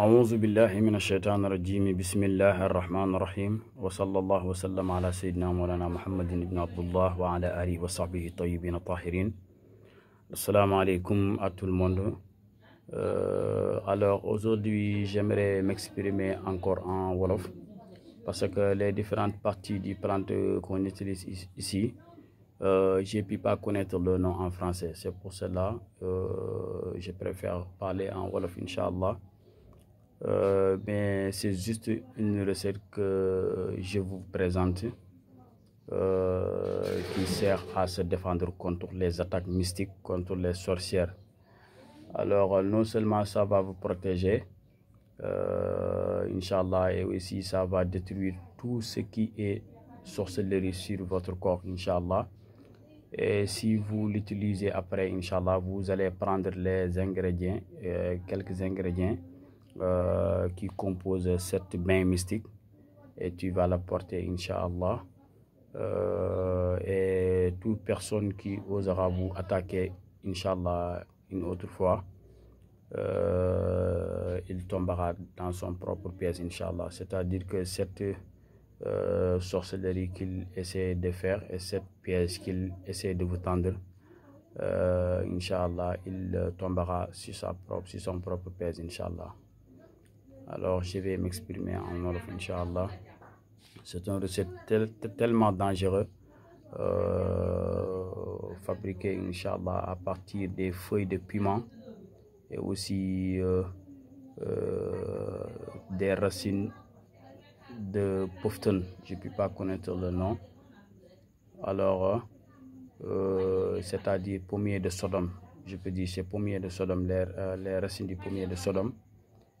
أعوذ بالله من الشيطان الرجيم بسم الله الرحمن الرحيم وصلى الله وسلم على سيدنا مولانا محمد بن عبد الله وعلى آله وصحبه الطيبين الطاهرين السلام عليكم à tout le monde euh, alors aujourd'hui j'aimerais m'exprimer encore en Wolof parce que les différentes parties du plante qu'on utilise ici euh, je ne peux pas connaître le nom en français c'est pour cela euh, je préfère parler en Wolof Inch'Allah Euh, c'est juste une recette que je vous présente euh, qui sert à se défendre contre les attaques mystiques, contre les sorcières. Alors, non seulement ça va vous protéger, euh, Inch'Allah, et aussi ça va détruire tout ce qui est sorcellerie sur votre corps, Inch'Allah. Et si vous l'utilisez après, Inch'Allah, vous allez prendre les ingrédients, euh, quelques ingrédients euh, qui compose cette main mystique et tu vas la porter, Inch'Allah. Euh, et toute personne qui osera vous attaquer, Inch'Allah, une autre fois, euh, il tombera dans son propre pièce Inch'Allah. C'est-à-dire que cette sorcellerie qu'il essaie de faire et cette pièce qu'il essaie de vous tendre, Inch'Allah, il tombera sur, sa propre, sur son propre pièce inshallah alors, je vais m'exprimer en Wolof, Inch'Allah. C'est un recette tellement dangereux. Euh, fabriqué, Inch'Allah, à partir des feuilles de piment et aussi euh, euh, des racines de Pofton. Je ne peux pas connaître le nom. Alors, euh, c'est-à-dire pommier de Sodome. Je peux dire c'est pommier de Sodome, les, les racines du pommier de Sodome.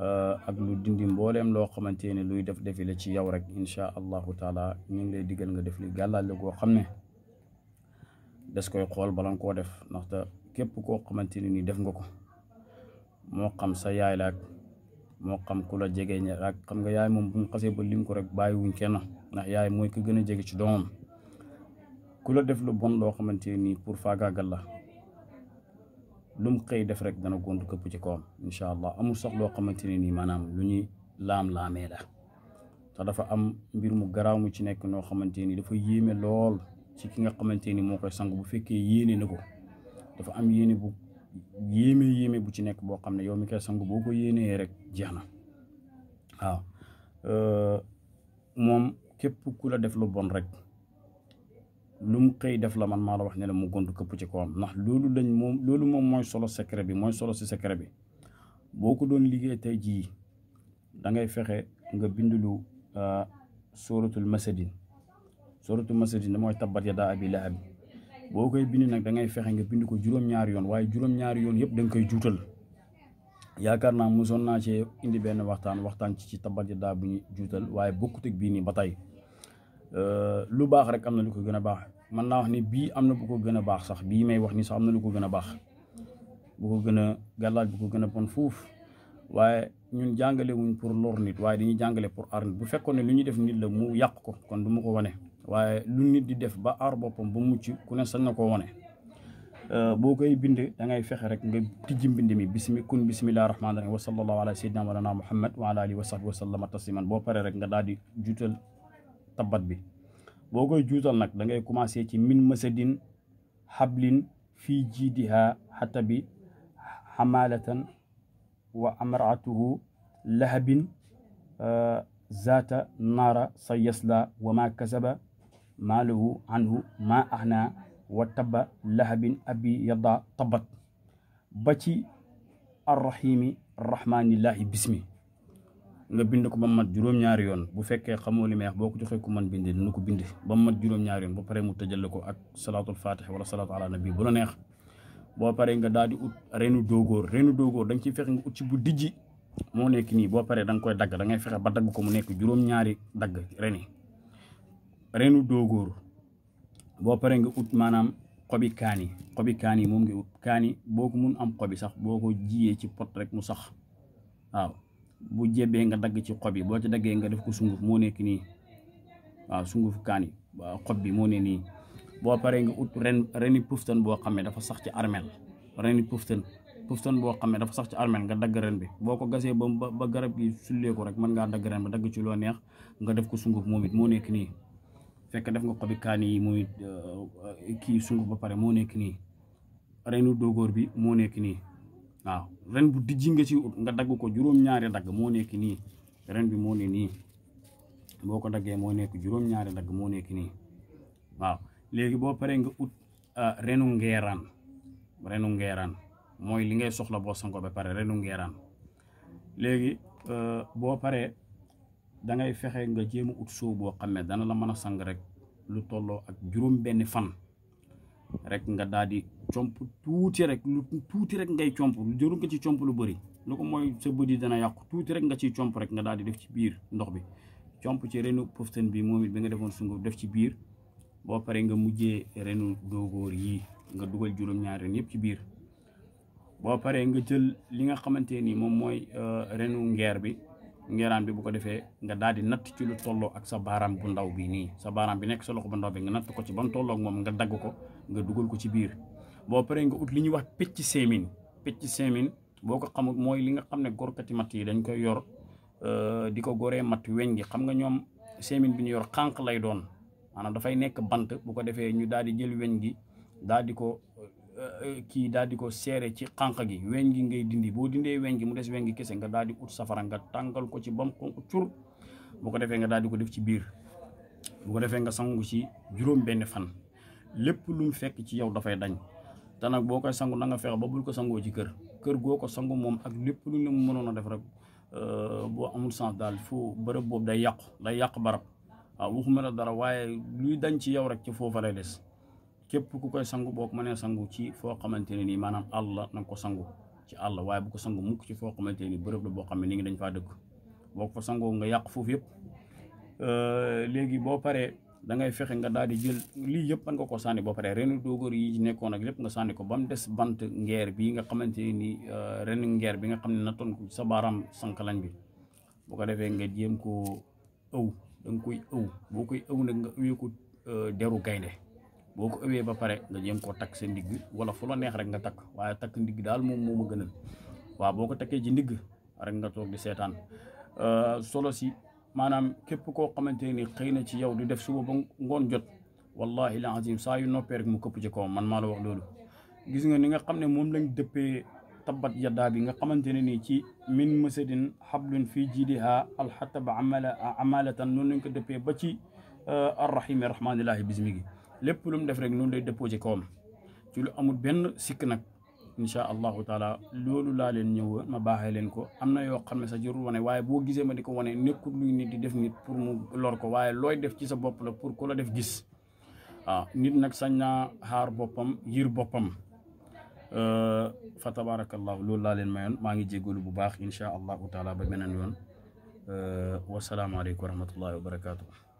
Euh, ak lu dindi mbooleem loo xamante ne luy def defile ci yow rek incha allahu taala ñu ngi lay diggal nga def li gàllaaj la goo xam ne des koy xool balan koo def ndaxte képp koo xamante ne ni def nga ko moo xam sa yaay la moo xam ku la jege ña ak xam nga yaay moom bu mu ba lim ko rek bàyyiwuñ kenn ndax yaay mooy ko gën a jege ci doomam ku la def lu bon loo xamante nii pour faagaagal la lu mu xëy def rek dana gont këpp ci kawam incha allah amul sax loo xamante ne nii maanaam lu ñuy laam-laamee la te dafa am mbir mu garaaw mu ci nekk noo xamante ni dafa yéeme lool ci ki nga xamante ni moo koy sang bu fekkee yéene na ko dafa am yéene bu yéeme yéeme bu ci nekk boo xam ne yow mi koy sangu boo ko yéenee rek jeex na waaw euh, moom képp ku la def lu bon rek lu mu xëy def la man maa la wax ne la mu gont këpp ci kawam ndax loolu lañ moom loolu moom mooy solo secret bi mooy solo si secret bi boo ko doon liggéey tey jii da ngay fexe nga lu bindulu euh, suratul masadin suratul masadin da mooy tabbat yadaa abi lahab boo koy bind nag dangay fexe nga bind ko juróom-ñaari yoon waaye juróom-ñaari yoon yëpp danga koy juutal yaakaar naa mosoon naa cee indi benn waxtaan waxtaan ci ci tabbat yadaa bu ñu juutal waaye bokkut bii nii ba tey Euh, lu baax rek am na lu ko gën a baax man naa wax ni bii am na bu ko gën a baax sax bii may wax ni sax am na lu ko gën a baax bu ko gën a gàllaaj bu ko gën a bon fuuf waaye ñun jàngale wuñ pour lor nit waaye dañuy jàngale pour aar nit bu fekkoon ne lu ñuy def nit la mu yàq ko kon du ma ko wane waaye lu nit di def ba aar boppam ba mucc ku ne sañ na koo wane euh, boo koy bind da ngay fexe rek nga tijji mbind mi bismi kun bismillahi rahmaani rahim wa sallallahu ala sayyidina walana muhammad wa ala alihi wa sahbi wa sallama boo pare rek nga daal di juutal tabat bi boo koy juutal nag da ngay commencer ci min masadin hablin fi jidha hatta bi hamalatan wa amraatuhu lahabin zaata naara sa yasla wa ma kasaba maaluhu anhu ma axna wa taba lahabin abi yada tabat ba ci arrahimi rahmanillahi bismi nga bind ko ba mat juróom ñaar yoon bu fekkee xamoo li meex boko joxe ko man bind dina ko bind ba mat juróom ñaar yoon ba pare mu tëjal ko ak fatih wala salaatu ala nabi bu la neex bo pare nga daldi ut reenu dogor reenu dogor dang ci fex nga ut ci bu dijji mo nekk ni bo pare dang koy dag da ngay fexe ba dag ko mu nekk juróom-ñaari dag reni reenu doogóor bo nga ut manam xobi kani xobi kani nga ut kani boko mun am xobi sax boko jiyé ci pot rek mu sax waaw bu jebee nga dag ci xob yi boo ci daggee nga def ko sunguf mo nek ni wa sunguf kani ba xob bi ne nii boo nga ut ren reni pouftan bo xamé dafa sax ci armel reni pouftan pouftan bo xamé dafa sax ci armel nga dag ren bi boko ko ba ba garab gi ko rek man nga dag ren bi dag ci lo neex nga def ko sunguf momit mo nek ni fekk def nga xobi kani yi moom euh, sunguf ba pare mo nek ni reni dogor bi mo nek ni waaw ah, ren bu dijji nga ci nga dag ko juróom-ñaari dag mo nekk ni ren bi mo ne ni boko dagge mo moo nekk juróom-ñaari dag mo nekk ni waaw legi bo pare nga ut ah, renu ngeeraan renu ngeeraan moy li ngay soxla bo sanko ba pare renu ngeeraan léegi euh, bo pare da ngay fexé nga jëm ut so bo xamé dana la mëna a sang rek lu ak benn fan rek nga daal di comp tuuti rek lu tuuti rek ngay comp lu jëru nga ci comp lu bari lu ko mooy sa bët yi dana yàqu tuuti rek nga ciy comp rek nga daal di def ci biir ndox bi comp ci renu poftan bi moom it bi nga defoon sunguf def ci biir boo paree nga mujjee renu doogóor yii nga dugal juróom-ñaari ren yëpp ci biir boo paree nga jël li nga xamante nii moom mooy euh, renu ngeer bi ngeeraan bi bu ko defee nga daal di natt ci lu tolloo ak sa baaram bu ndaw bi nii sa baaraam bi nekk sa loxo bu ndaw bi nga ko ci ba mu nga dagg ko nga dugal ko ci biir boo paree nga ut li ñuy wax picc seemin pecc seemin boo ko xamul mooy li nga xam ne gorkati matt yi dañ koy yor euh, di ko goree matt weñ gi xam nga ñoom seemin bi ñu yor xànq lay doon maanaam dafay nekk bant bu ko defee ñu daal di jël weñ gi daal di ko euh, euh, kii daal di ko seere ci xànq gi weñ gi ngay dindi boo dindee weñ gi mu des weñ gi kese nga daal di ut safara nga ko ci bam xonq cur bu ko defee nga daal di ko def ci biir bu ko defee nga sangu ci juróom benn fan lepp lu mu fekk ci yow fay dañ ta nak boo sangu na nga fexe ba bul ko sangu ci kër kër goko sangu mom ak lepp lu ñu mënoon a def rek euh, bo amul sens dal fu bërepp bob day yaq day yàq barab waaw waxuma la dara waaye luy dañ ci yow rek ci fofu lay dess kep ku koy sangu bok mané sangu ci fo xamanteni ni manam allah nang ko sangu ci allah waye bu ko sangu mukk ci fo xamanteni bërepp la bo xamni ni ngi dañ fa dëkk bok fa nga yëpp euh, légui bo paré da ngay fexé nga daldi di jël li yépp man nga ko sanni bo paré renu dogor yi ci nekkoon ak lépp nga sanni ko bam dess des bant ngeer bi nga xamante ni euh, ren ngeer bi nga xamné ne nattoon ko sa sank lañ bi bu ko défé nga jéem ko ëw dang koy ëw bu koy ëw nak nga ëwee ko euh, déru gaynde boo ko ba paré nga jéem ko tak sa ndig wala fu lo neex rek nga tak waya tak ndig dal mom moma gënal wa boko takké ji ndig rek nga tok di euh solo si manam képp ko xamanteni xeyna ci yow di def suba ba ngon jot wallahi la azim sa yu noppé rek mu këpp ci ko man ma la wax lolu gis nga ni nga xamne mom moom lañ dëppee tabbat yaddaa bi nga xamanteni ni ci min masadin hablun fi fii jiidiha alxatab amala amalatan nun ko deppé ba ci ar rahim ar rahman allah bismihi lépp lu mu def rek nun lay deppo ci ko ci lu amul ben sik nak incha allahu taala loolu laa leen ñëw ma baaxee leen ko am na yoo xam ne sa jurul wane waaye boo gisee ma di ko wane nekkul luy nit di def nit pour mu lor ko waaye looy def ci sa bopp la pour ku la def gis waaw nit nag sañ naa xaar boppam yir boppam fa tabarakallahu loolu laa leen mayoon maa ngi jégalu bu baax incha allahu taala ba beneen yoon wasalaamaaleykum wa rahmatullahi wa barakatuh